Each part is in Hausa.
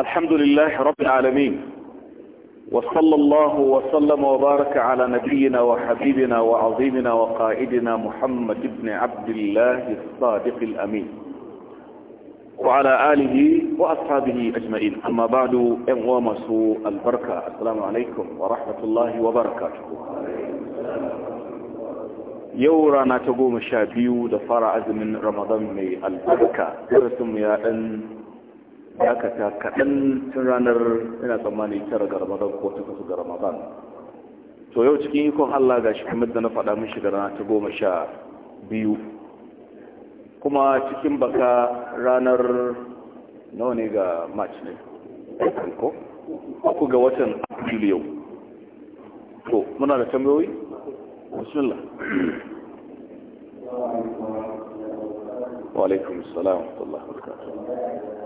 الحمد لله رب العالمين وصلى الله وسلم وبارك على نبينا وحبيبنا وعظيمنا وقائدنا محمد بن عبد الله الصادق الأمين وعلى آله وأصحابه أجمعين أما بعد إن ومسوا البركة السلام عليكم ورحمة الله وبركاته يورا نتقوم شابيو دفار عز من رمضان من البركة ramadan يا أن Ya dakata kaɗan tun ranar yana tsammani tara ga ramadan ko kasu ga ramadan to yau cikin ikon allah shi kamar da na faɗa min shiga rana ta goma sha biyu kuma cikin baka ranar nawa ne ga march ne ko ku ga watan april yau to muna da tambayoyi bismillah wa alaikum assalam wa rahmatullahi wa barakatuh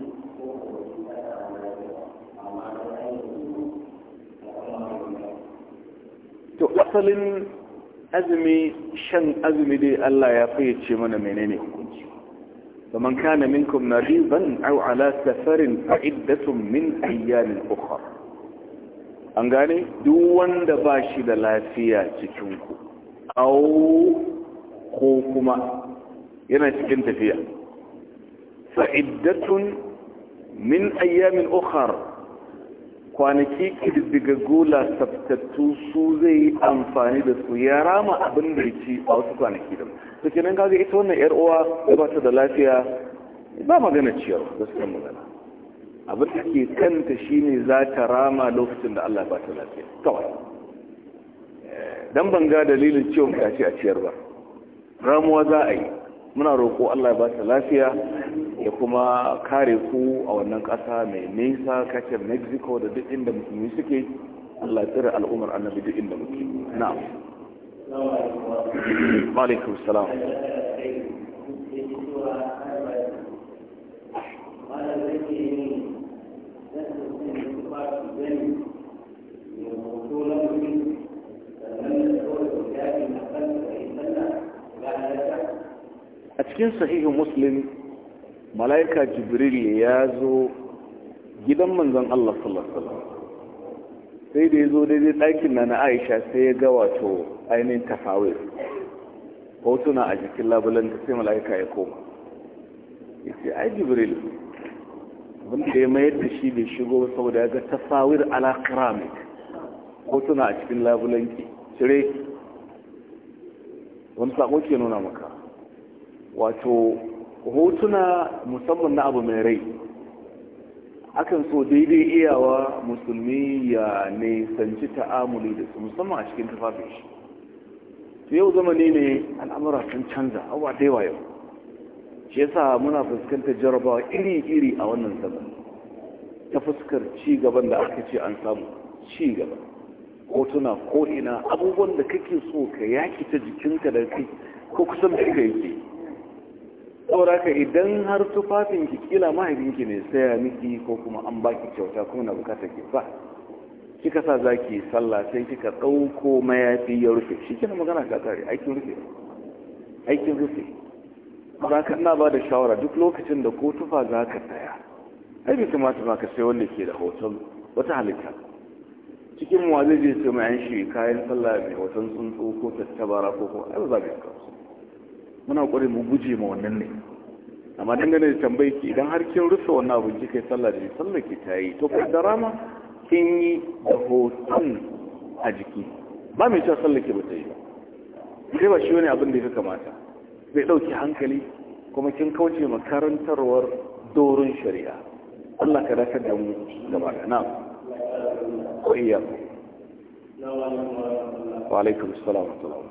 asalin azumi shan azumi dai Allah ya fayyace mana menene hukunci faman kana minkum maridan aw ala safarin fa iddatun min ayyamin ukhra an gane duk wanda ba shi da lafiya cikin ku aw ko kuma yana cikin tafiya fa iddatun min ayyamin ukhra kwanaki ƙididdigaggu lasabtattu su zai yi amfani da su ya rama abin da ya ci a wasu kwanaki da su ke nan gaga ita wannan yar uwa da ba ta da lafiya ba magana ciyar da su magana abin da ke kanta shi ne za ta rama lokacin da Allah ba ta lafiya kawai eh, dan ban ga dalilin ciwon kashi a ciyar ba ramuwa za a yi muna roƙo Allah ya ba ta lafiya ya kuma kare ku a wannan ƙasa mai nisa kashin mexico da duk inda musulmi suke Allah tsira al'ummar annabi duk inda muke na'am alaikum salam Thank you. cikin sahihu muslim malaika jibril ya zo gidan manzon Allah sallallahu alaihi wasallam sai da ya zo daidai ɗakin na na aisha sai ya ga wato ainihin tafawir hotuna a jikin da sai mala'ika ya koma ya ce ai jibril wanda ya mayar da shi bai shigo saboda ya ga tafawir ala ko hotuna a cikin ki cire wani sako ke nuna maka wato hotuna musamman na abu mai rai akan so daidai iyawa musulmi ya nisanci ta'amuli da su musamman a cikin tafafin shi to yau zamani ne al'amura sun canza abuwa da yawa yau shi yasa muna fuskantar jarabawa iri-iri a wannan zaman ta fuskar cigaban da aka ce an samu ci gaba hotuna ina abubuwan da kake so ka yaki ta jikinka da kai ko kusan da kai yake saboda ka idan har tufafin ki kila mahaifinki ne saya miki ko kuma an baki kyauta kuma na bukata ki ba kika sa zaki sallah sai kika ɗauko mayafi ya rufe shi kina magana ka kare aikin rufe aikin rufe ba ka ina ba da shawara duk lokacin da ko tufa za ka saya ai bi kamata ba ka sai wanda ke da hoton wata halitta cikin wa zai je sai mai an shi kayan sallah mai hoton tsuntsu ko tattabara ko ko ai ba za ka muna ƙware mu guje ma wannan ne amma dangane da tambayi ki idan har kin rufe wannan abin ki kai sallah da sallah ki ta yi to da rama kin yi da hoton a jiki ba mai cewa sallah ki ba ta yi ba sai ba shi wani abin da ya kamata bai ɗauki hankali kuma kin kauce makarantarwar doron shari'a Allah ka dakar da mu gaba da na ko iya wa alaikum assalam wa rahmatullahi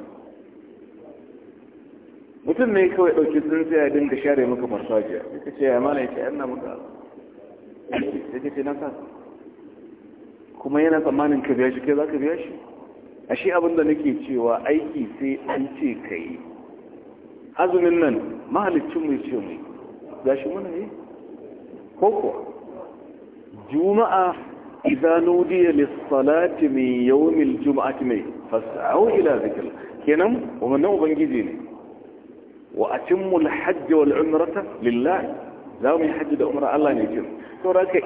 mutum ne kawai ɗauki ya dinga share muka farfajiya ya ce ya mana yake yan muka ya ce ce nasa kuma yana tsammanin ka biya shi kai za ka biya shi a shi abin da nake cewa aiki sai an ce ka yi azumin nan mahalicin mai ce mai za shi muna yi ko kuwa juma'a idan nudiya lissalati min Juma'a juma'ati mai fas'au ila zikr kenan wannan ubangiji ne wa atimmu al-hajj wal umrata lillahi za mu yi hajji da umra Allah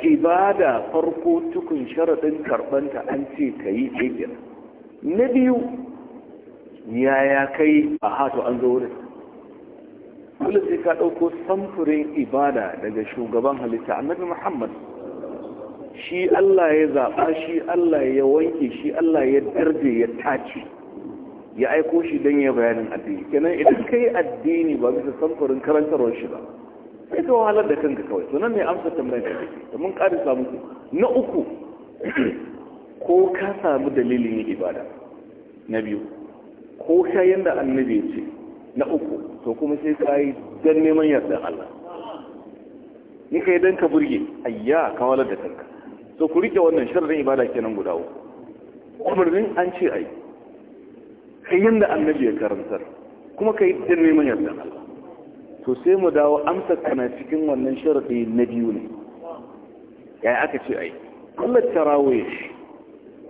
ibada farko tukun sharadin karbanta an ce kai ibir na biyu yaya kai a hato an zo wurin dole sai ka dauko samfurin ibada daga shugaban halitta annabi Muhammad shi Allah ya zaɓa shi Allah ya wanke shi Allah ya darje ya tace ya aiko shi don ya bayanin addini kenan idan ka yi addini ba bisa samfurin karantarwar shi ba sai ka wahalar da kanka kawai sunan mai ne amsa tambayar da kake da mun ƙari samu na uku ko ka samu dalilin yin ibada na biyu ko ka yanda annabi ce na uku to kuma sai ka yi don neman yardar Allah ni ka yi don ka burge ayya ka wahalar da kanka so ku rike wannan sharrin ibada kenan guda uku umarnin an ce ai kai yadda annabi ya karantar kuma kai da neman yarda to sai mu dawo amsar kana cikin wannan sharaɗi na biyu ne yaya aka ce ai kullar tarawih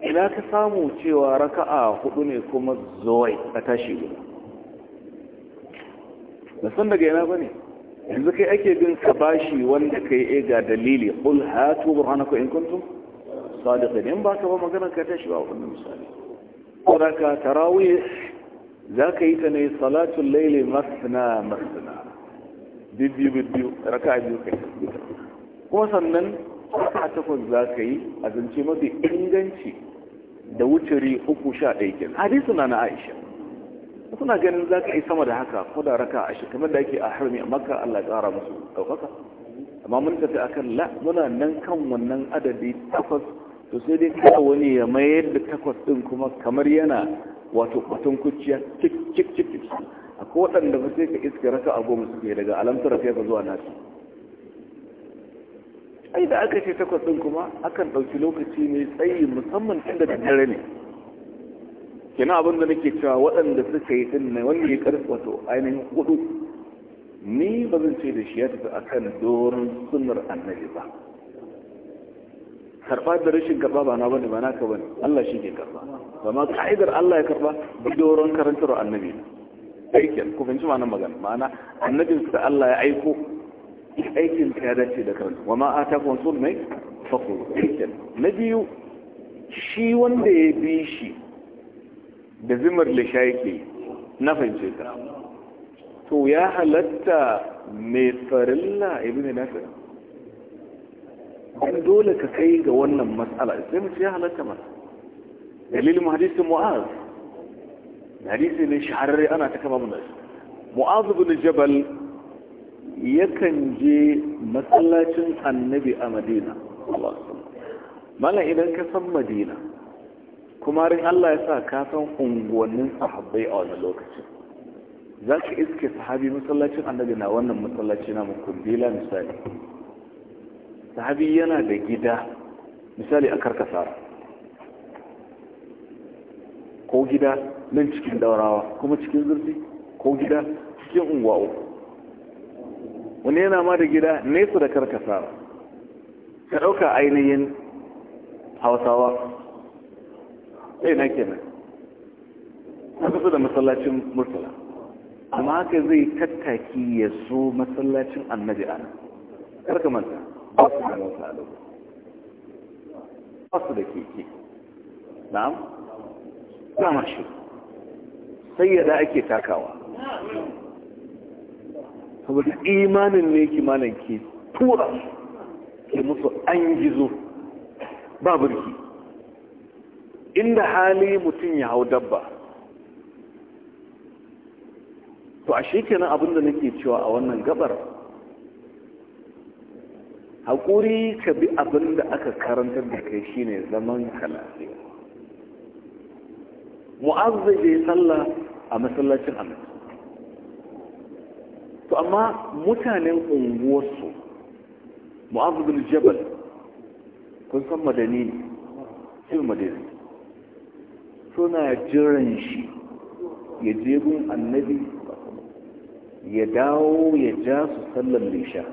ina ka samu cewa raka'a hudu ne kuma zuwa a tashi guda Na san daga yana bane yanzu kai ake bin ka bashi wanda ka e eh ga dalili qul hatu burhanakum in kuntum sadiqin in ba ka ba magana ka tashi ba wannan misali raka tarawih za ka yi ta ne salatun laili masna masna bibbiyu bibbiyu raka biyu kai kuma sannan a takwas za ka yi a zance mafi inganci da wuturi uku sha ɗaya kin na na aisha suna ganin za ka yi sama da haka ko da raka a shi da ake a harmi a maka allah ƙara musu ɗaukaka amma mun tafi akan la muna nan kan wannan adadi takwas to sai dai kada wani ya mayar da takwas ɗin kuma kamar yana wato kwatan kuciya cik cik cik ko waɗanda ba sai ka iska raka a goma suke daga alamtar da ba zuwa nasi ai da aka ce takwas ɗin kuma akan ɗauki lokaci mai tsayi musamman tun da dare ne kina abin da nake cewa waɗanda suka yi din ne wanda ya ƙarfi wato ainihin hudu ni ba zan ce da shi ya tafi akan doron sunnar annabi ba karba da rashin karba ba na bane ba ka bane Allah shi ke karba ma ka'idar Allah ya karba bidoron karantar annabi aikin ku fahimci ma'anar magana ma'ana annabin da Allah ya aiko aikin ka ya dace da karanta wa ma ataku sun mai faku aikin na biyu shi wanda ya bi shi da zimar lisha yake na fahimce ka to ya halatta mai farilla ibn nafi dan dole ka kai ga wannan matsala sai mu ya halatta ba dalilin hadisin mu'az hadisi ne shahararre ana ta kama mana mu'az bin jabal yakan je masallacin annabi a madina mana idan ka san madina kuma rin Allah ya sa ka san unguwannin sahabbai a wani lokaci za ka iske sahabi masallacin annabi na wannan masallaci na mukundila misali sahabi yana da gida misali a karkasa ko gida nan cikin daurawa kuma cikin zurfi ko gida cikin unguwa uku wani yana ma da gida nesa da karkasa ka ɗauka ainihin hausawa ɗai eh, na kenan na kusa da masallacin murtala amma haka zai tattaki ya so masallacin annabi ana ƙarƙamanta ba su da keke na'am ba mashi sai yada ake takawa saboda imanin ne kimanin ke tura ke musu an gizo ba burki inda hali mutum ya hau dabba to a shekenan abinda nake cewa a wannan gabar haƙuri ka bi abin da aka karantar da kai shine zaman ka lafiya mu'azzai da ya sallah a matsalacin annabi to amma mutanen unguwarsu mu'azzai bin jabal kun san madani ne cin madani suna jiran shi ya je annabi ya dawo ya ja su sallar lisha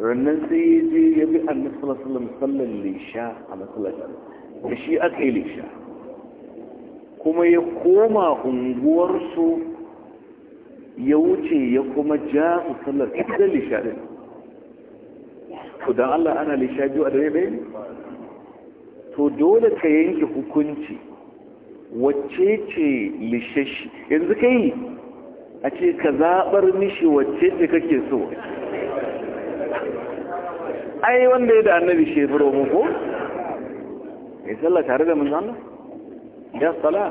rannan sai ya je ya bi annabi sallallahu alaihi wasallam sallan lisha a masallacin da shi aka yi lisha kuma ya koma unguwarsu ya wuce ya kuma ja su sallar ita lisha din to dan Allah ana lisha biyu a dare ɗaya ne to dole ka yanke hukunci wacce ce lishashi yanzu ka yi a ce ka zaɓar mishi wacce ce kake so ai wanda ya da annabi shefuro mu ko ya sallah tare da manzo Allah ya sala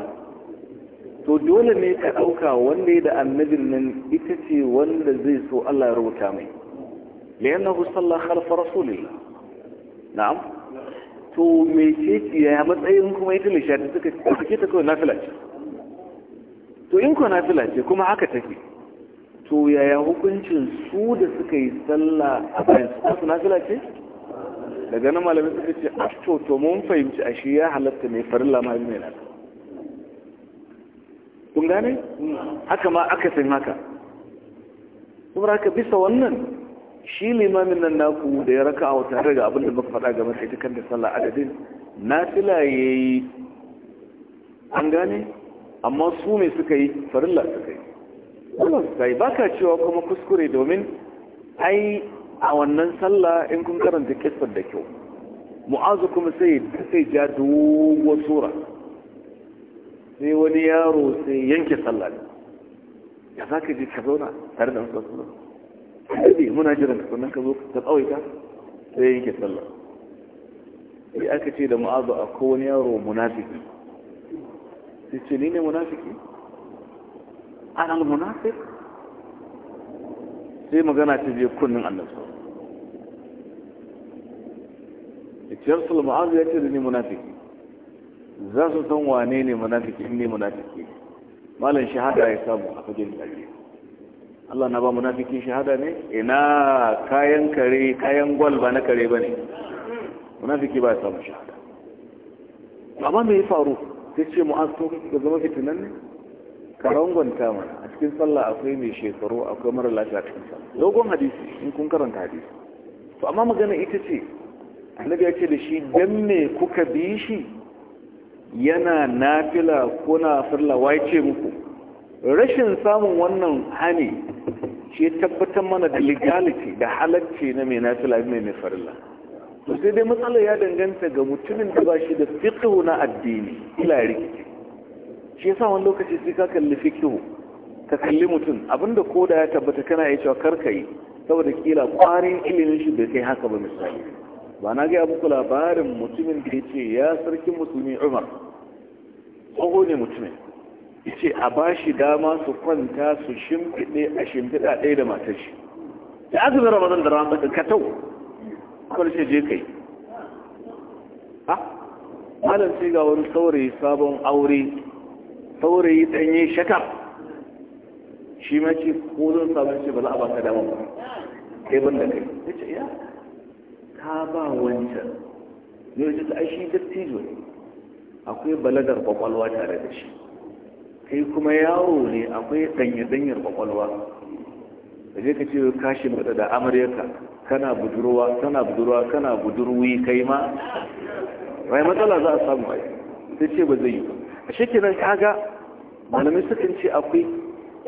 to dole ne ka ɗauka wanda ya da annabin nan ita ce wanda zai so Allah ya rubuta mai liyannahu salla khalfa rasulillah na'am to me ce ya matsayin kuma ita lishati suka ce ta kawai nafila ce to in ko fila ce kuma haka take to yaya hukuncin su da suka yi sallah a bayan su kasu nafila ce daga nan malamai suka ce a ah, to to mun fahimci a shi ya halatta ne farin lamari mai nata kun gane haka ma aka san haka kuma haka bisa wannan shi limamin nan naku da ya raka a wata daga abin da baka faɗa game sai dukkan da sallah adadin nafila yayi an gane amma su mai suka yi farilla suka yi wannan sai baka cewa kuma kuskure domin ai a wannan sallah in kun karanta kissar da kyau mu'azu kuma sai sai ja dogon sura sai wani yaro sai yanke sallah ya za ka ji ka zauna tare da amsa suna ɗabi muna jiran sannan ka zo ka tsawaita sai yanke sallah sai aka ce da mu'azu a kowane yaro munafiki sai ce ni ne munafiki ana munafik sai magana ta je kunnin annabi itiyar sulma'azu ya ce da ni munafiki za su san wane ne munafiki in ne munafiki malam shahada ya samu a fagen tsari Allah na ba munafiki shahada ne ina kayan kare kayan gwal ba na kare ba ne munafiki ba ya samu shahada amma me ya faru sai ce mu'azu to ga zama fitinan ne karangonta mana a cikin sallah akwai mai shekaru akwai mara lafiya cikin sallah dogon hadisi in kun karanta hadisi to amma magana ita ce annabi ya ce da shi dan me kuka bi shi yana nafila ko na farla wai ce muku rashin samun wannan hani shi ya tabbatar mana da legality da halacci na mai nafila mai mai farla to sai dai matsalar ya danganta ga mutumin da ba shi da fiqhu na addini ila rikici shi yasa wani lokaci sai ka kalli fikihu ka kalli mutum abinda ko da ya tabbata kana iya cewa karka yi saboda kila kwarin ilimin shi bai kai haka ba misali ba na gaya muku labarin mutumin da ya ce ya sarki musulmi umar tsoho ne mutumin ya ce a ba shi dama su kwanta su shimfiɗe a shimfiɗa ɗaya da matar shi da aka zara mazan da rana ka katau kawai ce je kai ha malam sai ga wani saurayi sabon aure saurayi ɗanye shakaf shi ma ce ko zan samu ce ba za a ka dama ba kai ban da kai ya ce ya ka ba wancan ne ce ta aishi dattijo ne akwai balagar kwakwalwa tare da shi kai kuma yaro ne akwai ɗanye-ɗanyar kwakwalwa da zai ka ce kashi mata da amurka kana budurwa kana budurwa kana budurwi kai ma rai matsala za a samu ai sai ce ba zai yi ba shi kenan kaga malamai sukan ce akwai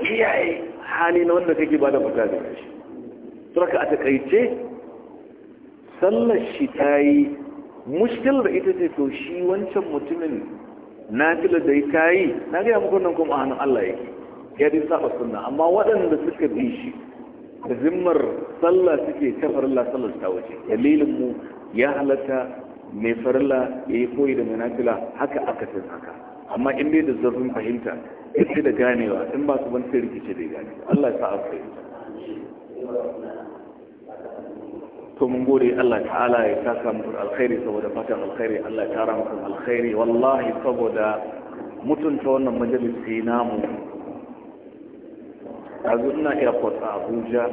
kiyaye hali na wanda kake ba da mutane da shi suraka a takaice sallar shi ta yi mushkil da ita ce to shi wancan mutumin na fila da ta yi na gaya muku nan kuma hannun Allah yake ya dai saba sunna amma waɗanda suka bi shi da zimmar sallah suke ta farilla sallar ta waje dalilin mu ya halatta mai farilla ya yi koyi da mai haka akasin haka amma in dai da zurfin fahimta in da ganewa in ba su wani rikice da gane Allah ta afi to mun gode Allah ta'ala ya saka muku alkhairi saboda fata alkhairi Allah ya tara muku alkhairi wallahi saboda mutunta wannan majalisi namu a ina airport a Abuja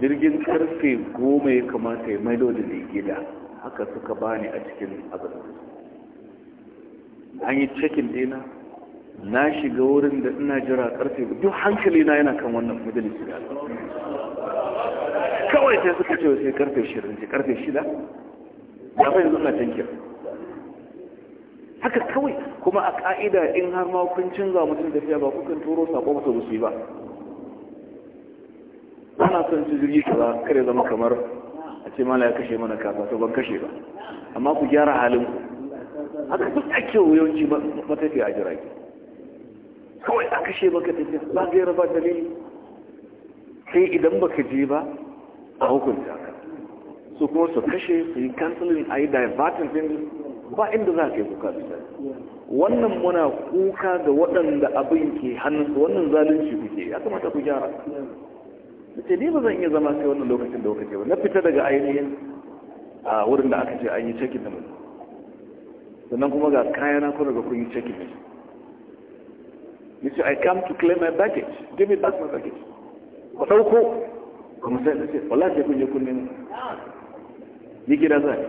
jirgin karfe goma ya kamata ya maido da gida haka suka bani a cikin abin an yi cikin dina na shiga wurin da ina jira karfe duk hankali na yana kan wannan mudin shiga kawai sai suka ce sai karfe shirin sai karfe shida ya fa suna na jinkir haka kawai kuma a ka'ida in har ma kun canza mutum tafiya ba kukan turo sako ba su yi ba ana son su jirgi kaza kare zama kamar a ce mala ya kashe mana kasa to ban kashe ba amma ku gyara halin ku haka duk ake yawanci matafi a jirage kawai aka kashe maka tafiya ba gaira ba dalili sai idan baka je ba a hukunta ka su kuma su kashe su yi kansilin a yi divertin din ba inda za ka yi kuka bisa wannan muna kuka ga waɗanda abin ke hannunsu wannan zalunci kuke ya kamata ku gyara da ce ne ba zan iya zama sai wannan lokacin da kuka ke ba na fita daga ainihin a wurin da aka ce an yi cikin da mutum sannan kuma ga kayana kuma ga kun yi cikin yace i come to claim my baggage give me back my baggage ku dauko kuma sai wala ce kun yi kun nemi ni gida zai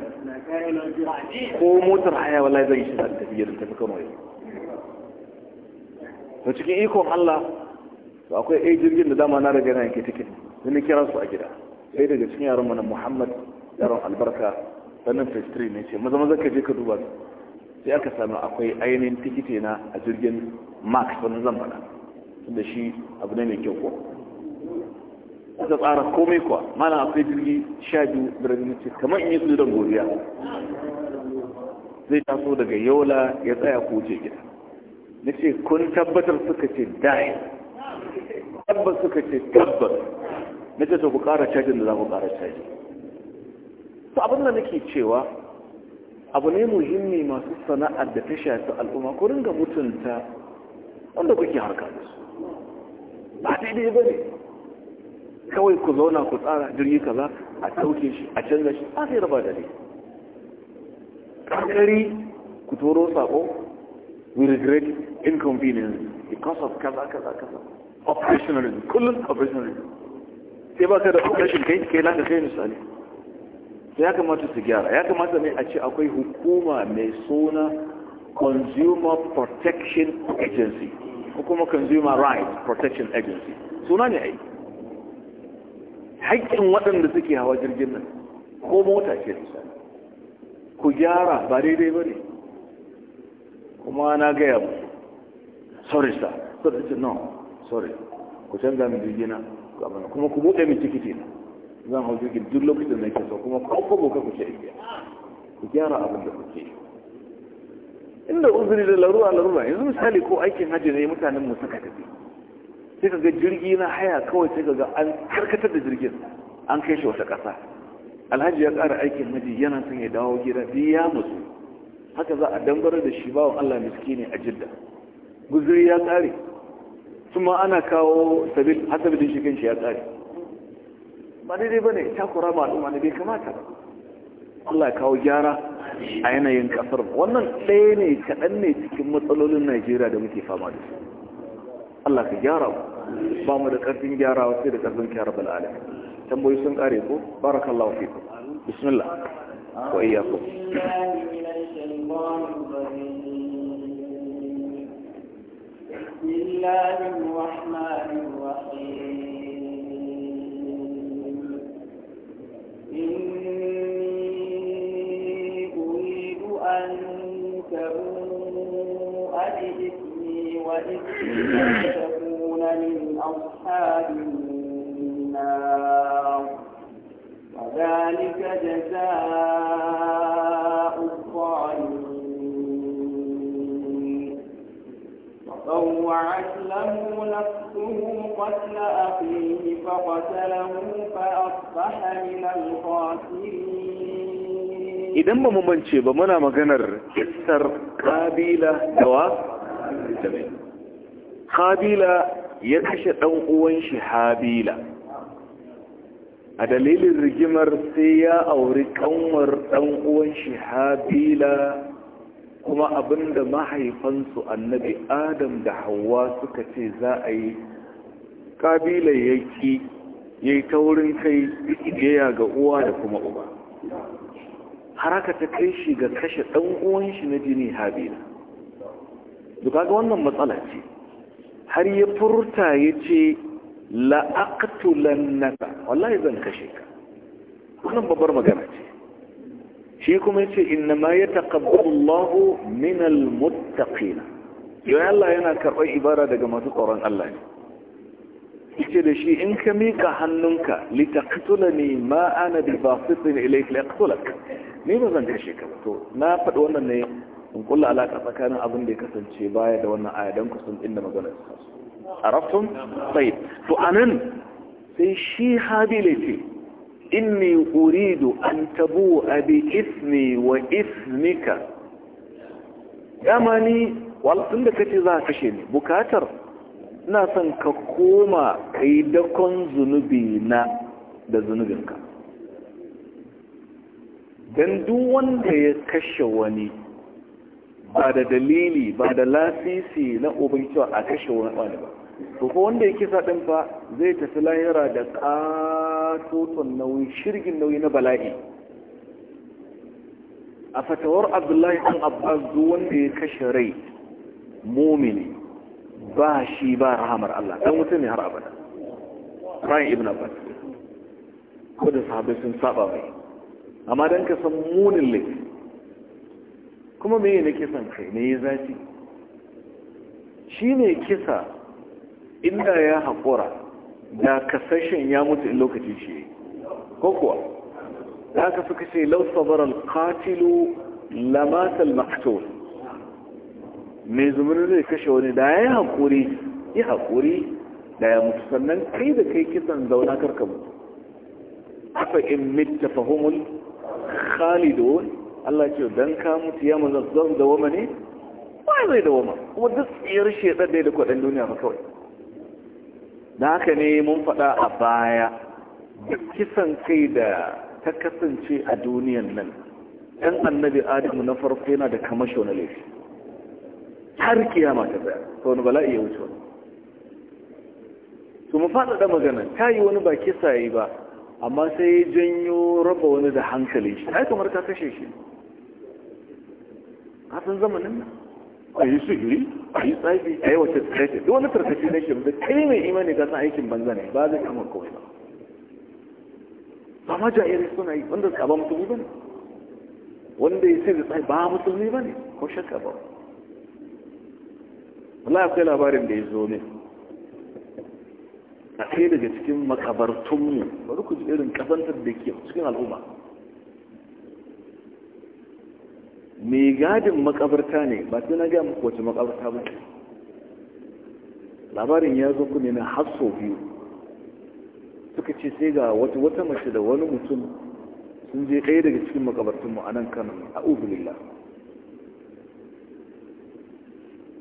ko motar haya wala zai shi da tafiye da tafi kama yau to cikin ikon Allah to akwai ai jirgin da dama na daga yana yake tikin sai kira su a gida sai daga cikin yaron mana Muhammad yaron albarka sannan fesitri ne ce maza maza ka je ka duba su sai aka samu akwai ainihin tikiti na a jirgin max wani zan faɗa da shi abu ne mai kyau ko aka tsara komai kuwa mana akwai jirgi sha biyu da rajinci kamar in yi su don godiya zai taso daga yola ya tsaya ko ce gida na ce kun tabbatar suka ce dai tabbas suka ce tabbas na ce to ku kara cajin da za ku kara caji Su abin da nake cewa abu ne muhimmi masu sana'ar da ta shafi al'umma ko ringa mutunta wanda kuke harka da su ba daidai ba ne kawai ku zauna ku tsara jirgi kaza a tauke shi a canza shi a sai raba da ne ƙarƙari ku toro saƙo we regret inconvenience because of kaza kaza kaza operationalism kullum operationalism sai ba ka da operation kai kai na kai misali ya kamata su gyara ya kamata ne a ce akwai hukuma mai suna consumer protection agency ko kuma consumer rights protection agency suna ne ai haƙƙin waɗanda suke hawa jirgin nan ko mota ce misali ku gyara ba daidai ba ne kuma na gaya mu sorry sir sorry no sorry ku canza min jirgina kuma ku buɗe min tikiti na zan hau jirgin duk lokacin da ke so kuma kwakwa boka kusa ce ku gyara abin da kuke inda uzuri da larura larura yanzu misali ko aikin hajji ne mutanen mu suka tafi sai ka ga jirgi na haya kawai sai ka ga an karkatar da jirgin an kai shi wata ƙasa alhaji ya ƙara aikin hajji yana son ya dawo gida biya mutu haka za a dambara da shi bawan Allah miskini a jidda guzuri ya ƙare kuma ana kawo sabil hasabin shi kan shi ya ƙare ba ne bane takura ma al'umma ne bai kamata ba Allah ya kawo gyara a yanayin kasar wannan ɗaya ne kaɗan ne cikin matsalolin Najeriya da muke fama da su Allah ka gyara mu ba mu da ƙarfin gyara sai da ƙarfin kyara bal'ala tambayi sun ƙare ko barakallahu ku bismillah wa iyyakum بسم الله الرحمن الرحيم إني أريد أن تبوء بإثمي وإثمي وتكون من أصحاب النار وذلك جزاء فطوعت له نفسه قتل أخيه فقتله فأصبح من الخاسرين idan ba mu mance ba muna maganar kissar kabila da wa kabila ya kashe ɗan uwan shi habila a dalilin rigimar sai ya auri ƙanwar ɗan uwan shi habila kuma abinda mahaifansu annabi adam da hawa suka ce za a yi kabila yaki ya yi taurin kai gaya ga uwa da kuma uba Har haraka ta kai shi ga kashe ɗan uwan shi na jini habila duka ga wannan matsala ce har ya furta ya ce naka wallahi zan kashe ka wannan babbar magana ce shi kuma yace inna ma yataqabbalu Allahu min almuttaqin yau Allah yana karɓar ibara daga masu tsoron Allah ne yace da shi in ka mika hannunka litaqtulani ma ana bi basitin ilayka liaqtulak ni ba zan kashe ka to na faɗi wannan ne in kulla alaka tsakanin abin da ya kasance baya da wannan aya don sun inda magana su arabtum tayyib to anan sai shi habile ce inni uridu an tabu abi ismi wa ismika yamani wal da kace za ka kashe ni bukatar ina son ka koma kai dakon zunubi na da zunubinka dan duk wanda ya kashe wani ba da dalili ba da lasisi na ubangiji a kashe wani ba to ko wanda ya kisa din fa zai tafi lahira da katoton nauyi shirgin nauyi na bala'i a fatawar abdullahi ɗan abbas duk wanda ya kashe rai momini ba shi ba rahamar Allah ɗan mutum ne har abada Ryan ibn Abbas ko da sahabbai sun saba mai amma don ka san munin laifi kuma me ne kisan kai ne ya zafi shi ne kisa inda ya haƙura da kasashen ya mutu in lokaci shi ko kuwa da aka suka ce lausabarar katilu lamatal maktul mai zumurin zai kashe wani da ya haƙuri ya haƙuri da ya mutu sannan kai da kai kisan zauna karka mutu afa in mitta fahimul khalidun Allah ce don ka mutu ya manzan zan dawama ne ba zai dawama kuma duk tsiyar shi ya ya da kwaɗin duniya ba kawai da haka ne mun faɗa a baya kisan kai da ta kasance a duniyan nan ɗan annabi adamu na farko yana da kamasho na laifi har kiyama ta ta wani bala'i ya wuce wani su mu faɗaɗa magana ta yi wani ba kisa yi ba amma sai ya janyo raba wani da hankali. shi ta yi kamar ta kashe shi a sun zamanin nan a yi sihiri a yi tsaki a yi wata tsaki duk wani tarkaci na da kai mai imani ga san aikin banza ne ba zai kama kawai ba ba ma jairai suna yi wanda ka ba musulmi ba ne wanda ya sai tsaki ba musulmi ba ne ko shakka ba Wala akwai labarin da ya zo ne a kai daga cikin makabartunmu bari ku ji irin kasantar da ke cikin al'umma mai gadin makabarta ne ba su na gaya muku wace makabarta ba labarin ya zo ku ne na hasso biyu suka ce sai ga wata wata mace da wani mutum sun je ɗaya daga cikin makabartunmu a nan kano a ubulilla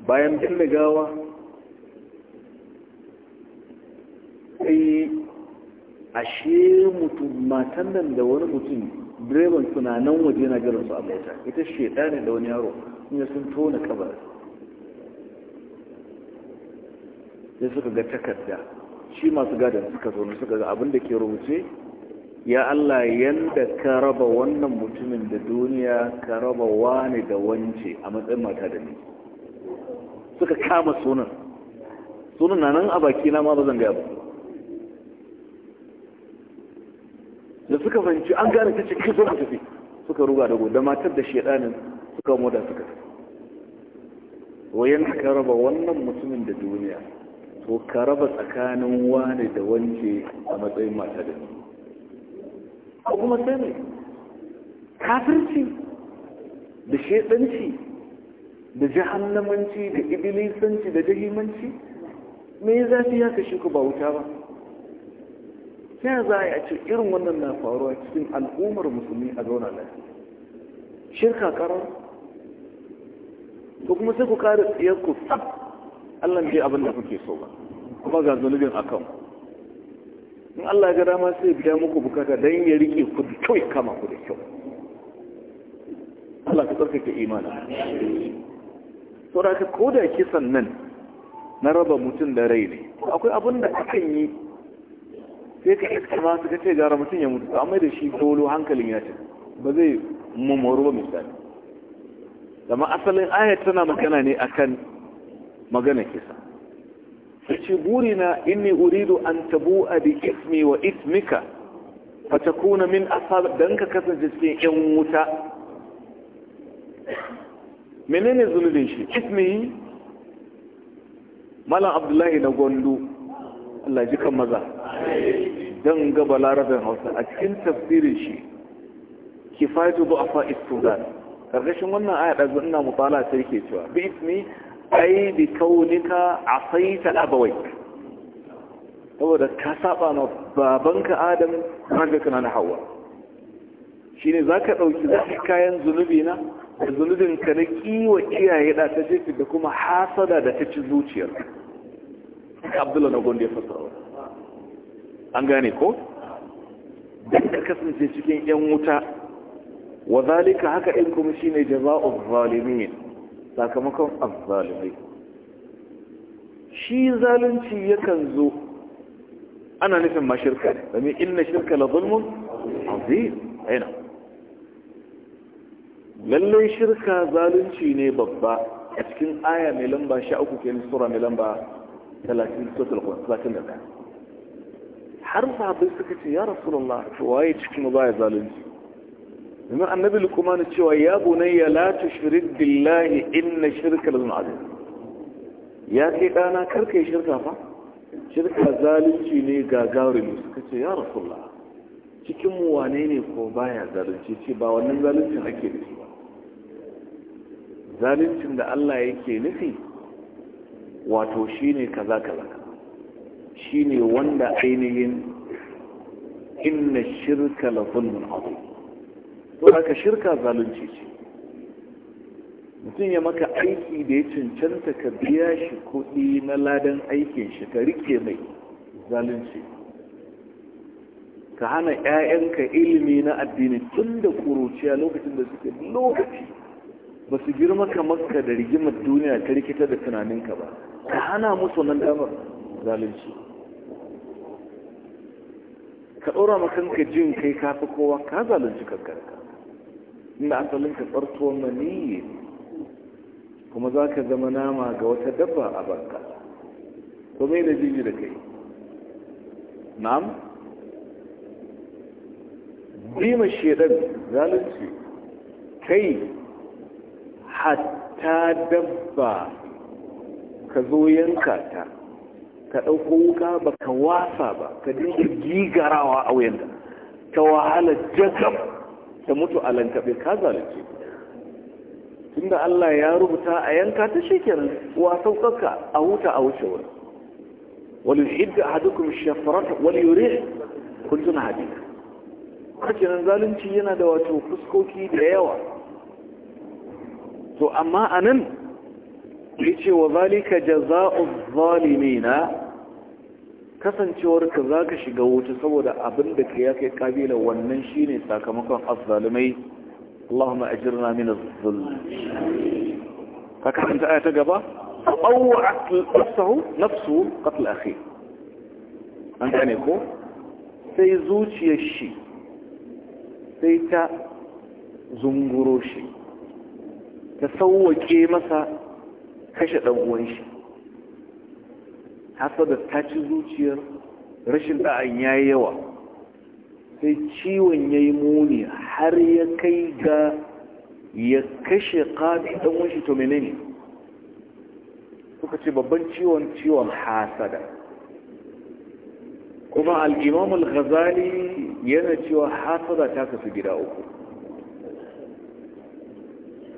bayan binne gawa sai ashe mutum matan nan da wani mutum direban tunanin waje na jiran su a ita ita ne da wani yaro in sun tona kabar sai suka ga takarda shi masu gadon suka zo suka ga abin da ke rubuce ya Allah yanda ka raba wannan mutumin da duniya ka raba wani da wance a matsayin mata da ni suka kama sunan sunan na nan a baki na ma ba zan gaya ba suka fahimci an gane ta ce kai zo mu tafi suka ruga da da matar da shedanin suka moda suka tafi wayan ka raba wannan mutumin da duniya to ka raba tsakanin wani da wance a matsayin mata da ni ko kuma sai ne kafirci da shedanci da jahannamanci da ibilisanci da jahimanci me zafi ya kashe ku ba wuta ba ta za a ce irin wannan na faruwa cikin al'ummar musulmi a zauna lafiya shirka karar ko kuma sai ku kare tsiyar ku tsab Allah bai abin da kuke so ba kuma ga zunubin akan in Allah ga dama sai biya muku bukata dan ya rike ku da kyau ya kama ku da kyau Allah ka tsarkake imani da ka koda kisan nan na raba mutum da rai ne akwai abin da akan yi sai ka iska ma suka ce gara mutum ya mutu amma da shi dolo hankalin ya ce ba zai mummuru ba misali zama asalin ayat tana magana ne akan magana kisa ce burina inni uridu an a bi ismi wa ismika fatakuna min ashab dan ka kasance cikin yan wuta menene zunubin shi ismi malam abdullahi na gondo Allah ji kan maza don ga balarabin hausa a cikin tafsirin shi ba a fa’is istudan karkashin wannan aya ɗazu ina mutala ta yake cewa bi ismi ai bi kaunika asaita abawai saboda ka saba ma babanka adam raga kana na hawa shine zaka ɗauki zaki kayan zunubi na zunubin ka na kiwa kiyaye da ta jefi da kuma hasada da ta ci zuciyar Abdullahi na an gane ko dan da kasance cikin yan wuta wa zalika haka in kuma shine jaza'u zalimin sakamakon azzalimi shi zalunci yakan zo ana nufin ma shirka ne domin inna shirka la zulmun azim aina lalle shirka zalunci ne babba a cikin aya mai lamba 13 ke sura mai lamba 30 sura 31 har sahabai suka ce ya rasulullah to waye cikin mu baya zalunci domin annabi kuma ne cewa ya bunayya la tushrik billahi inna shirka lazim azim ya ce dana karka yi shirka fa shirka zalunci ne gagarumi suka ce ya rasulullah cikin mu wane ne ko baya zalunci ce ba wannan zaluncin ake da shi ba zaluncin da Allah yake nufi wato shine kaza kaza Shi ne wanda ainihin inna shirka la zulmun azim to haka shirka zalunci ce mutum ya maka aiki da ya cancanta ka biya shi kuɗi na ladan aikin shi ka rike mai zalunci ka hana 'ya'yanka ilimi na addini tun da kuruciya lokacin da suke lokaci ba su girma kamar ka da rigimar duniya ka rikita da tunaninka ba ka hana musu nan damar zalunci ka ɗora makanka jin kai kafi kowa ka zalunci kankanka inda asalin ka tsarto maniyi kuma za ka zama nama ga wata dabba a banka to mai da jini da kai na'am bima shedan zalunci kai hatta dabba ka zo yanka ta ka ɗauko wuka ba ka wasa ba ka dinga gigarawa a wuyanta ka wahala jakam ta mutu a lankaɓe ka zalunce tunda Allah ya rubuta a yanka ta shekenan wasan kanka a huta a wuce wani wani hidda ahadukum shafarat wani yure kuntuna hadisi kacinan zalunci yana da wato fuskoki da yawa to amma a anan ya ce wa zalika jaza'u zalimina Kasancewarka za ka shiga wuce saboda abin da ka ya kabila wannan shi ne sakamakon azzalumai Allahumma ajirna min az ka karanta aya ta gaba tawwa'at nafsuhu nafsu qatl akhi an gane ko sai zuciyar shi sai ta zunguro shi ta sauwake masa kashe dan uwan shi hasada ta ci zuciyar rashin da'an ya yawa sai ciwon ya yi muni har ya kai ga ya kashe ƙafi ɗan wani to menene suka ce babban ciwon ciwon hasada kuma al'imam al-ghazali yana cewa hasada ta kasu gida uku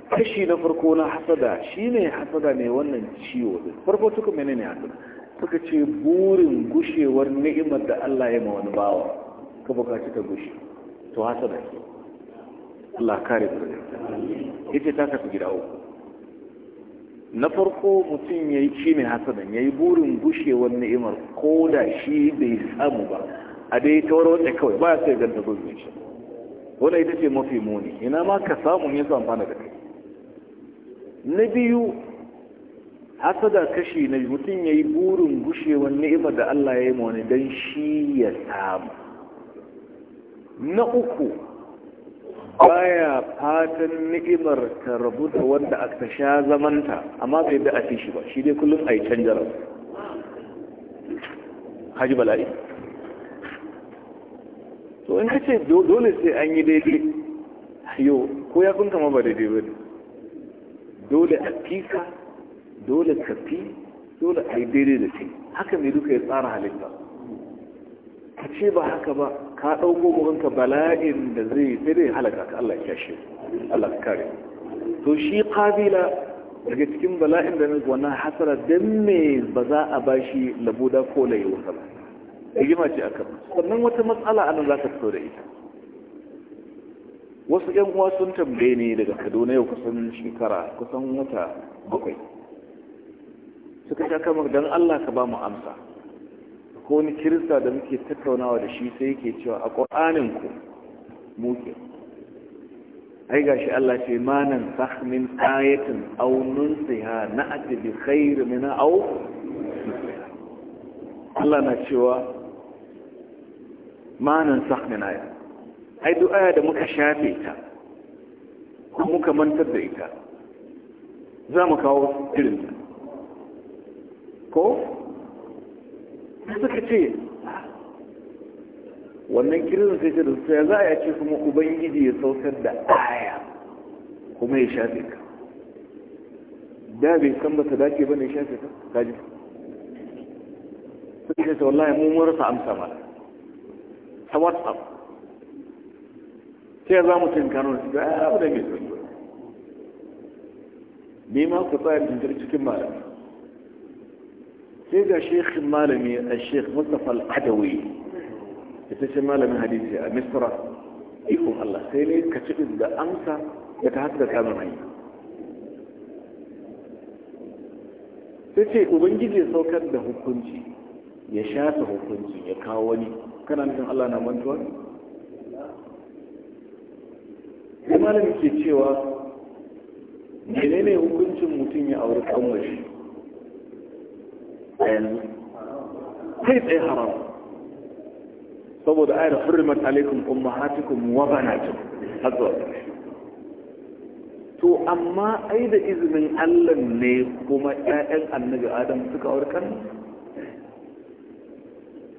kashi na farko na hasada shi ne hasada ne wannan ciwo farko suka menene hasada suka ce burin gushewar ni'imar da Allah ya ma wani bawa ka bukaci ta gushe to hasa da ke Allah kare ya ita ta kasu gida uku na farko mutum ya yi shi ne hasadan ya yi burin gushewar ni'imar ko da shi bai samu ba a dai ta wani wata kawai ba ya sai ganta gudun shi wani ita ce mafi muni ina ma ka samu ya amfana da kai na biyu hasada kashi na mutum ya yi burin gushewar ni'imar da Allah ya yi wani don shi ya samu na uku baya fatan ni'imar ta rabu da wanda aka sha zamanta amma bai da a shi ba shi dai kullum a yi can jarar haji bala'i to in ka ce dole sai an yi daidai yau ko ya kun kama ba daidai ba dole a fika dole ka fi dole a yi daidai da kai haka mai duka ya tsara halitta ka ce ba haka ba ka ɗauko gabanka bala'in da zai sai dai halaka ka Allah ya shi Allah ka kare to shi kabila daga cikin bala'in da na wannan hasara don me ba za a ba shi labuda ko yi wasa ba rigima ce aka sannan wata matsala a nan za ka fito da ita wasu yan uwa sun tambaye ne daga kaduna yau kusan shekara kusan wata bakwai suka sha kamar don Allah ka ba mu amsa ko wani kirista da muke tattaunawa da shi sai yake cewa a ƙwa'anin ku muke ai gashi Allah ce manan sahmin ayatin aunin siha na atibi khairu mina au Allah na cewa manan sahmin ayat ai duk aya da muka shafe ta ko muka mantar da ita za mu kawo irinta ko suka ce wannan kirin sai ce da su ya za a ce kuma ubangiji ya saukar da aya kuma ya shafe ka da bai san ba ta dace ba ne ya shafe ka kaji suka ce ta wallahi mun marasa amsa ma ta whatsapp sai za mu cin da su ga abu da mai tsoro ne ma ku tsaye cikin cikin malami sai ga shekhin malami a shekh mustapha al'adawi ita ce malamin hadisi a misra ikon allah sai ne ka ci da amsa da ta haska kamar hanya sai ce ubangiji ya saukar da hukunci ya shafe hukunci ya kawo wani kana nufin allah na mantuwa sai malamin ke cewa menene hukuncin mutum ya auri shi. yanzu kai tsaye haram saboda ayar hurrimat alaikum ummahatukum wa banatukum hazwa to amma ai da izinin Allah ne kuma ƴaƴan annabi Adam suka warkar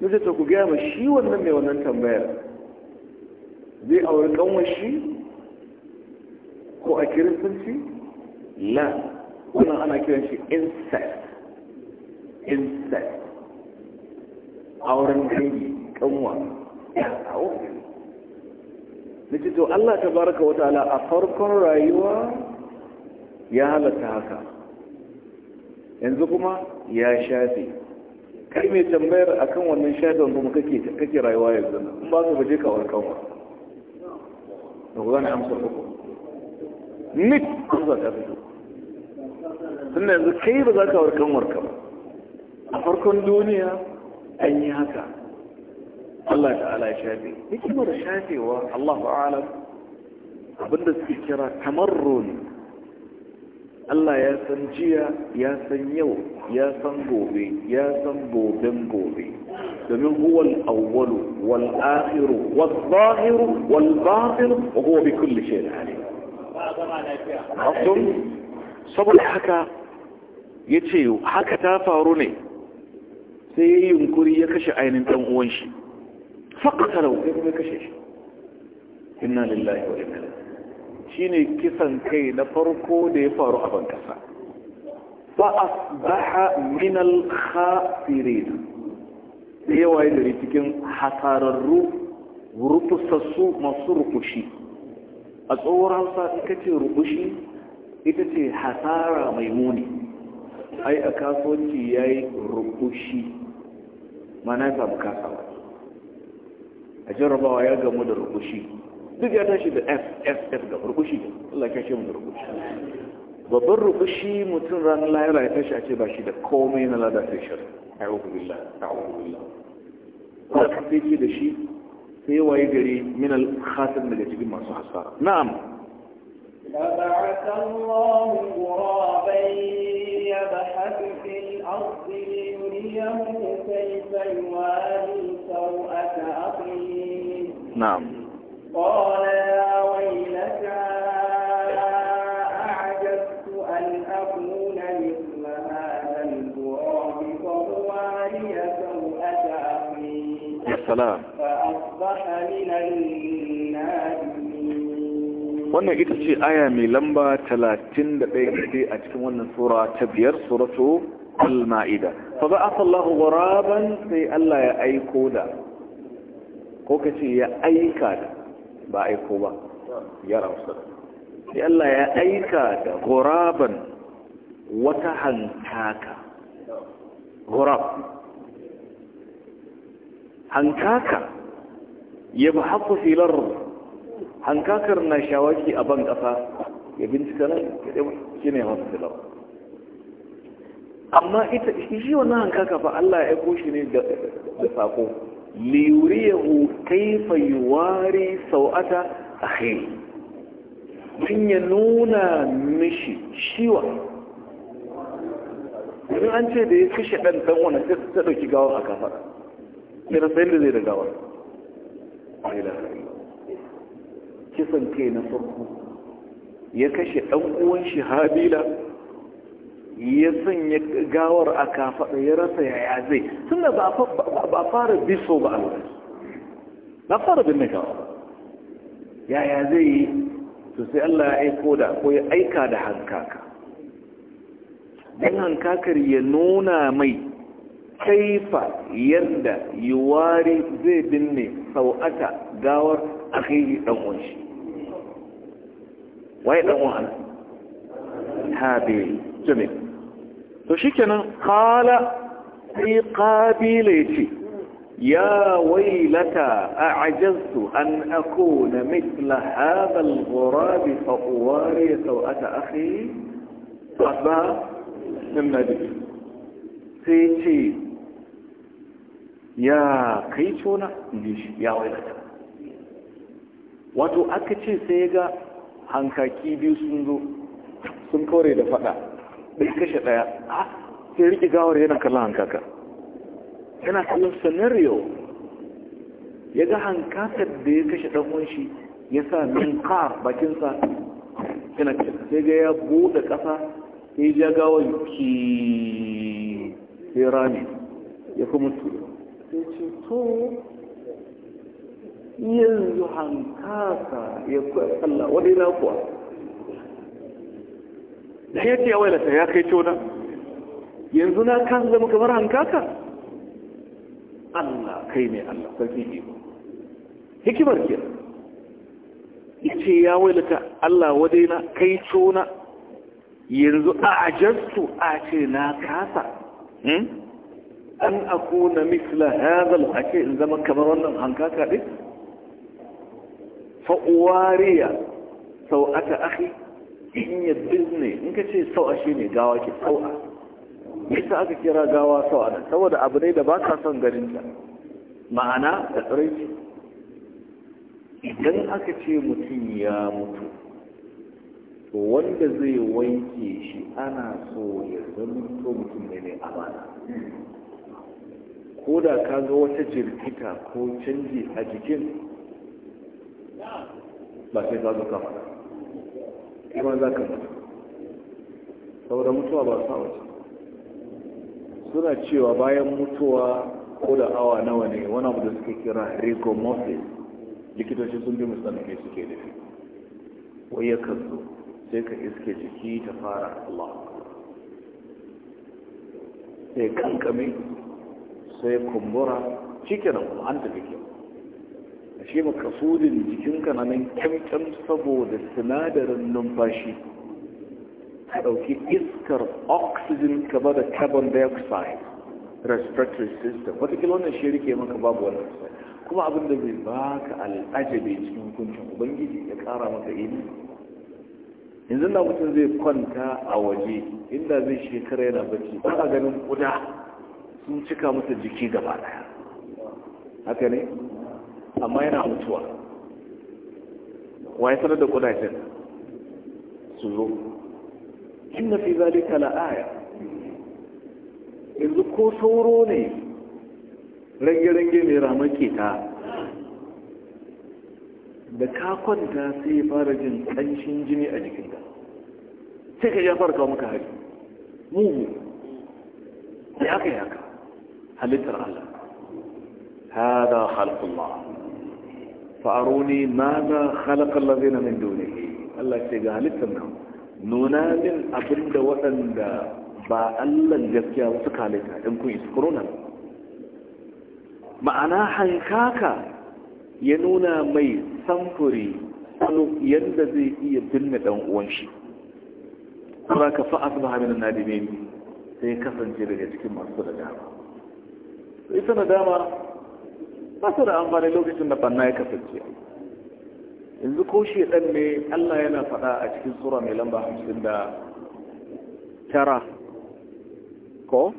nace ta ku gaya ma shi wannan mai wannan tambayar zai aure kanwa shi ko a kiristanci la wannan ana kiran shi incest incest auren dangi kanwa ya auren nake to Allah ta baraka wa ta'ala a farkon rayuwa ya halatta haka yanzu kuma ya shafe kai mai tambayar akan wannan shafin kuma kake kake rayuwa yanzu in ba ka baje ka warkan wa da ku gane amsar uku nit amsa ta fito tunda yanzu kai ba za ka warkan warka ba a farkon duniya an yi haka Allah ta'ala ya shafe hikimar shafewa Allahu alam abinda suke kira tamarrun Allah ya san jiya ya san yau ya san gobe ya san goben gobe domin huwa al-awwalu wal akhiru wal zahiru wal batin wa huwa bi kulli shay'in alim saboda haka yace haka ta faru ne sai ya yi yunkuri ya kashe ainihin ɗan uwan shi faƙatarau ya kashe shi inna lillahi wa inna shi ne kisan kai na farko da ya faru a bankasa. ba a baha minal khasirin da yawa yi dare cikin hasararru rufusassu masu rukushi a tsohuwar hausa ita ce rukushi ita ce hasara mai muni ai a kasuwanci ya yi rukushi mana ya samu kasawa a jarrabawa ya gamu da rukushi duk ya tashi da f f f ga rukushi Allah ya ce mu da rukushi babban rukushi mutum ran lahira ya tashi a ce ba shi da komai na lada a sai shar ayyuku billah ta'awuku billah ko ka fice da shi sai waye gari min al khasir daga cikin masu hasara na'am la ba'atha ghuraban يبحث في الأرض ليريه كيف يواري سوءة أخيه نعم قال يا ويلتى أعجبت أن أكون مثل هذا الغراب فهو علي سوءة أخيه يا سلام فأصبح من المؤمنين wannan ita ce aya mai lamba 31 a cikin wannan sura ta biyar suratu al-ma'ida fa ba'atha Allahu ghuraban sai Allah ya aiko da ko kace ya aika da ba aiko ba ya rausa sai Allah ya aika da ghuraban wata hankaka ghurab hankaka yabhafu fil ardh hankakar na shawaki a ban ƙasa ya bincika nan ya ɗaya shi ne hospital amma ita shi wannan hankaka fa Allah ya aiko shi ne da sako liyuriyahu kaifa yuwari sau'ata akhi don ya nuna mishi shiwa domin an ce da ya kashe ɗan ɗan wani sai ta ɗauki gawar a kafa sai da zai da gawar kisan kai na farko ya kashe ɗan uwan shi habila ya sanya gawar a kafaɗa ya rasa yaya zai da ba fara biso ba alwari na fara bin gawa yaya zai yi to sai Allah ya aiko da ko ya aika da hankaka dan hankakar ya nuna mai kaifa yadda yuwari zai binne sau'ata gawar akhihi dan uwan shi waye dan uwan habil jami' to shikenan qala fi qabilati ya waylata a'jaztu an akuna mithla hadha al-ghurab fa uwari sawata akhi asba nimadi sayti ya kai tuna ya waylata wato akace sai ga hankaki biyu sun zo sun kore da fada ɗin kashe ɗaya sai riƙe gawar yana kallon hankaka yana kallon scenario ya ga hankakar da ya kashe ɗan shi ya sa min kar bakinsa yana kashe sai ga ya buɗe ƙasa sai ya gawar ki sai rami ya kuma mutu sai ce to yanzu hankasa ya kuwa Allah wani na kuwa da ya ce ya wailata ya kai tona yanzu na kan zama kamar hankaka Allah kai ne Allah sarki ne hikimar ke ya ce ya wailata Allah wadai na kai tona yanzu a ajarsu a ce na kasa hmm? an akuna misla hazal a ce in zama kamar wannan hankaka ɗin fa'uwariya sau aka ahi in ya bizne in ka ce sau'a shi ne gawa ke sau'a ita aka kira gawa sau'a da saboda abu ne da ba ka son garinta ma'ana da tsiraici idan aka ce mutum ya mutu wanda zai wanke shi ana so ya zama to mutum ne ne amana ko da ka ga wata jirkita ko canji a jikin ba sai ka zo ka kuma za ka mutu saboda mutuwa ba sa wace suna cewa bayan mutuwa ko da awa nawa ne wani abu da suke kira rigomorphic likitoci sun bi musamman ne suke da shi wai ya kasu sai ka iske jiki ta fara Allah sai kankame sai kumbura cikin an tafi kyau ce makasudin jikinka na nan kyamkyam saboda sinadarin numfashi ka ɗauki iskar oxygen ka ba da carbon dioxide respiratory system watakila wannan shi rike maka babu wannan kuma abin da bai ka al'ajabe cikin hukuncin ubangiji ya ƙara maka ilimi yanzu na mutum zai kwanta a waje inda zai shekara yana bacci ba a ganin kuda sun cika masa jiki gaba daya haka ne amma yana mutuwa waye sanar da kudajen su zo inna fi zalika la'aya yanzu ko sauro ne range-range mai ramake ta da ka kwanta sai ya fara jin ƙanshin jini a jikinta. sai ka ya kawo maka hari mugu ya aka yaka halittar Allah هذا خلق الله fa'aruni ma za halakar lazina min dole Allah ce ga halittar nan nuna min abinda waɗanda ba Allah gaskiya wasu halitta in kun isa korona ma'ana hankaka ya nuna mai samfuri yadda zai iya binne ɗan uwan shi kuma ka fa'as ba haminan nadimin sai kasance daga cikin masu da dama ita na dama ba su da amfani lokacin da banna ya kasance yanzu ko shi ne Allah yana faɗa a cikin sura mai lamba hamsin da tara ko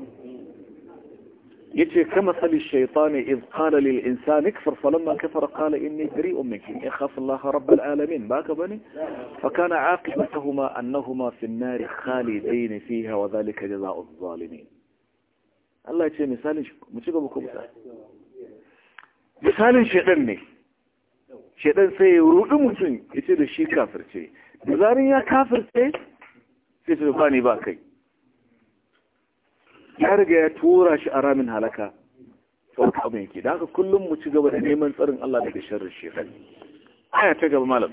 yace kama sali shaytani iz qala lil insani kfar falamma kafara qala inni bari'un minkum akhafu Allah rabbul alamin baka bane fa kana aqibatuhuma annahuma fi an-nar khalidin fiha wa dhalika jazaa'u adh-dhalimin Allah yace misali mu ci gaba ku misalin shaidan ne shaidan sai ya rudi mutum ya ce da shi kafirce da zarin ya kafirce sai su ba ba kai ya riga ya tura shi a ramin halaka sauka abin yake da haka kullum mu ci gaba da neman tsarin Allah daga sharrin shaidan aya ta gaba malam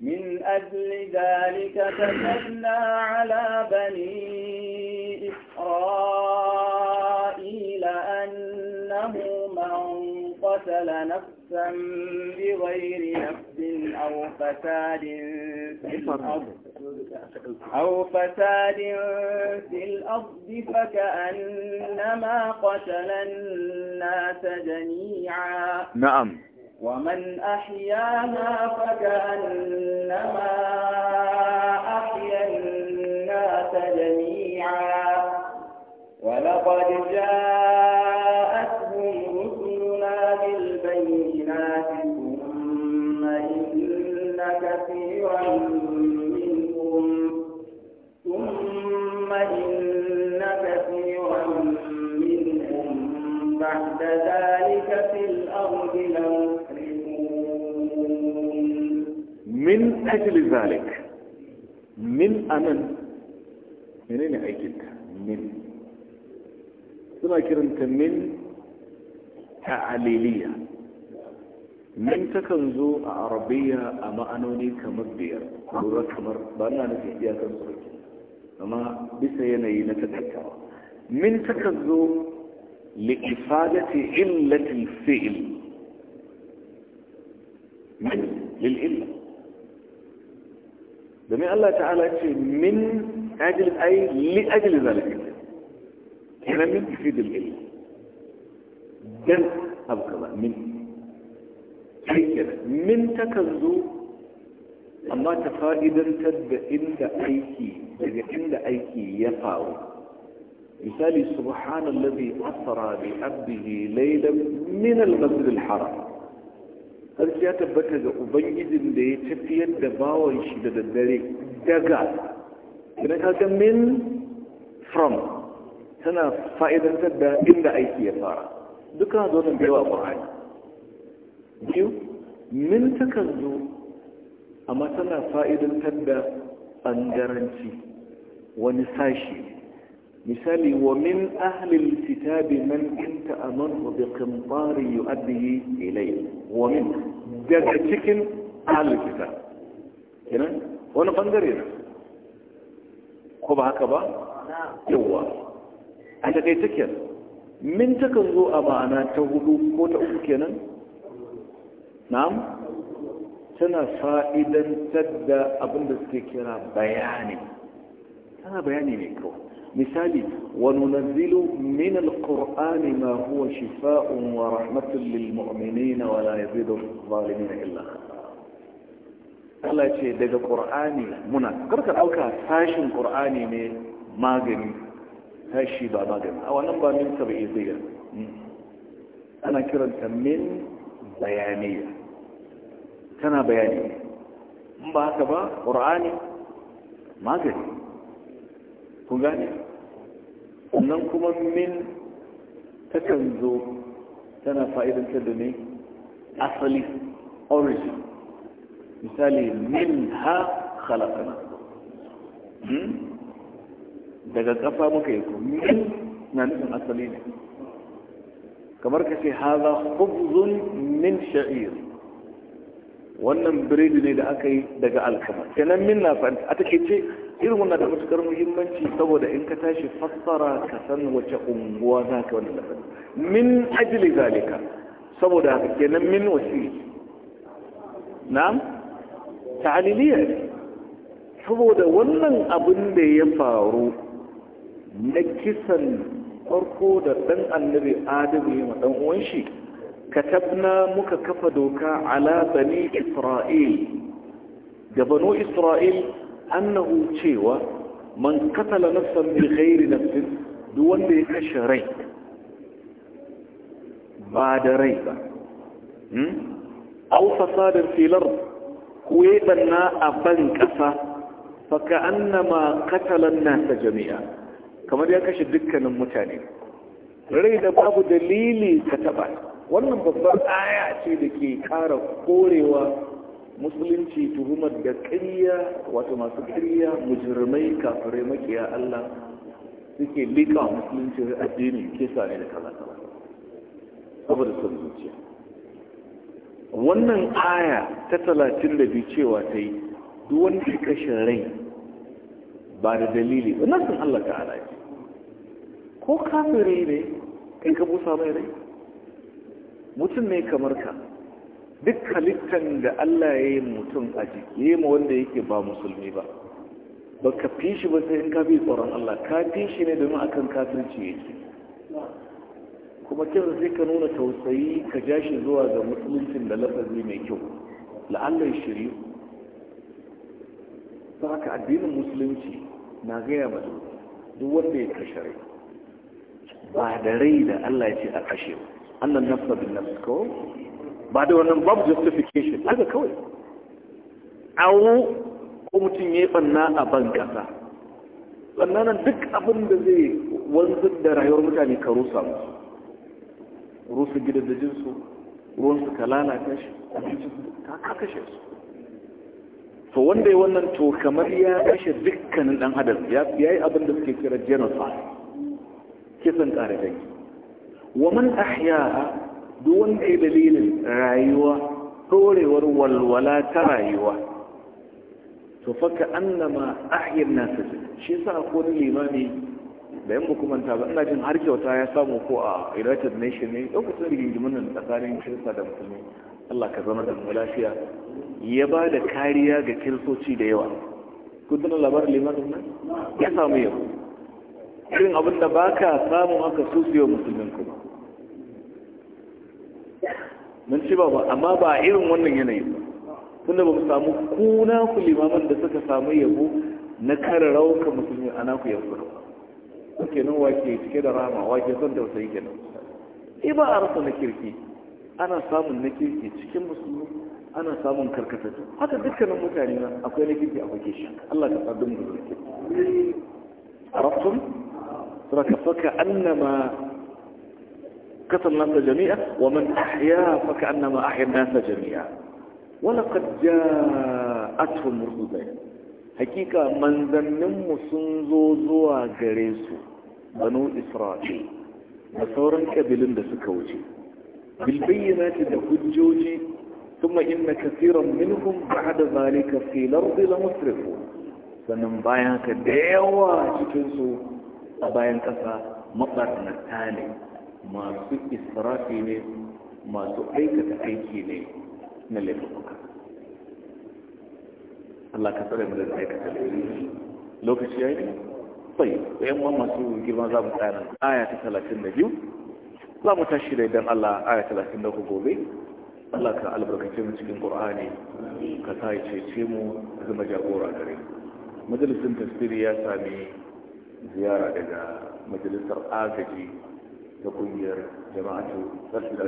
من أجل ذلك كتبنا على بني إسرائيل أنه من قتل نفسا بغير نفس أو فساد في الأرض أو فساد في الأرض فكأنما قتل الناس جميعا نعم ومن أحياها فكأنما أحيا الناس جميعا ولقد جاءت من أجل ذلك من أمن من أين أجلتها من سنة كرنت من تعليلية من تكنزو عربية أما أنوني كمبير دورة كمر بأنا نفسي يا كنصرك أما بسيني نتذكر من تكنزو لإفادة علة الفعل من للإلة دمي الله تعالى يكفي من أجل أي لأجل ذلك هنا من تفيد العلم جمع أبقى من أي كده من تكذو الله تفائدا تد عند أيكي يعني عند أيكي يفاو مثالي سبحان الذي أثرى بأبه ليلا من المسجد الحرام sarki ya tabbata ga ubangijin da ya tafiyar da bawon shi da daddare daga ina kaga min from tana fa'idantar da inda aiki ya fara duka zo da baiwa ƙwarari biyu min takan zo amma tana fa'idantar da ɓangaranci wani sashi misali wa min ahlil kitabi man in ta'amanu bi qintarin yu'addihi ilayhi wa min daga cikin ahlil kitab kenan wani bangare ne ko ba haka ba yawa a takaice kenan min takan zo a ma'ana ta hudu ko ta uku kenan na'am tana fa'idantar da abin da suke kira bayani tana bayani ne kawai مثالي وننزل من القرآن ما هو شفاء ورحمة للمؤمنين ولا يزيد الظالمين إلا الله شيء ده القرآن منا كركر أو كهاش القرآن من يعني ماجن هاشي بع ماجن أو نبى من تبعيزية أنا كرنت من بيانية كنا بيانية ما هكذا قرآن ماجن ku gane nan kuma min takan zo tana fa'idantar da ne asali origin misali min ha halakana hmm? daga kafa muka yi ku min na nufin asali ne kamar ka ce haza hubzun min sha'ir wannan biredi ne da aka yi daga alkama kenan min na fa'ida a take ce irin wannan da matukar muhimmanci saboda in ka tashi fassara ka san wace unguwa za ka wani lafari min ajili zalika saboda haka kenan min wasi na'am ta'aliliya saboda wannan abin da ya faru na kisan farko da dan annabi adamu ya dan uwan shi katabna muka kafa doka ala bani isra'il da banu isra'il annahu cewa man katala nafsan bi ghairi nafsin duk wanda ya kashe rai ba da rai ba aw fasadin filar ko ya danna a ban kasa fa ka annama katalan nasa jami'a kamar ya kashe dukkanin mutane rai da babu dalili ka taba wannan babbar aya ce da ke kara korewa musulunci tuhumar da ƙarya wato masu kariya mujirmai kafirai makiya Allah suke liƙa musulunci addini ke ne da kaza kaza saboda son zuciya wannan aya ta talatin da biyu cewa ta yi duk wanda ya kashe rai ba da dalili ba nan Allah ta'ala ce ko kafirai ne in ka busa mai rai mutum ne kamar ka duk halittan da Allah ya yi mutum a jiki ya ma wanda yake ba musulmi ba ba ka fi shi ba sai in ka fi tsoron Allah ka fi shi ne domin akan kafirci ce kuma kira sai ka nuna tausayi ka ja shi zuwa ga musulmin da lafazi mai kyau la'allar shirin ta haka addinin musulunci na gaya mazu duk wanda ya kashe rai ba da rai da Allah ya ce a kashe annan nafsa bin nafsa ko ba da wannan babu justification haka kawai awo ko mutum ya yi banna a ban kasa banna nan duk abin da zai wanzu da rayuwar mutane ka rusa musu rusa gidajen su ruwansu ka lalata shi abincin ka kashe su to wanda ya wannan to kamar ya kashe dukkanin dan hadar ya yi abin da suke kira genocide kisan kare wa man ahyaha duk wanda ya dalilin rayuwa ɗorewar walwala ta rayuwa to faka annama ahyar nasu shi sa ko ni limami da yan hukumanta ba ina jin har kyauta ya samu ko a united nation ne lokacin rigingimin nan tsakanin kirsa da musulmi allah ka zama da lafiya ya ba da kariya ga kiristoci da yawa kudin labarin limanin nan ya samu yau irin abin da ba ka samu aka su musulmin kuma mun ci ba amma ba irin wannan yanayin ba tunda ba mu samu kuna ku limaman da suka samu yabo na kare rauka musulmi a naku yabo ba nan wake cike da rama wake son tausayi nan e ba a rasa na kirki ana samun na kirki cikin musulmi ana samun karkatattu haka dukkanin mutane na akwai na kirki akwai kishi Allah ka tsadu mu da kirki arabtum suna ka faka annama قتل الناس جميعا ومن أحيا فكأنما أحيا الناس جميعا ولقد جاءتهم رسلنا حقيقة من ذنم سنزوزوا غريسو بنو إسرائيل وصورا كبلن دسكوجي بالبينات دهجوجي ثم إن كثيرا منهم بعد ذلك في الأرض لمسرفون sannan bayan ka da yawa cikinsu a bayan ƙasa maɓarnata ne masu israfi ne masu aikata aiki ne na laifuka Allah ka tsare mu da aikata laifuka lokaci yayi sai yan wani masu girma za mu tsaya aya ta talatin da biyu za mu tashi da idan Allah aya talatin da gobe Allah ka albarkace mu cikin ƙorani ka sa ya cece mu zama jagora gare majalisin tafsiri ya sami ziyara daga majalisar agaji ta kungiyar jama'atu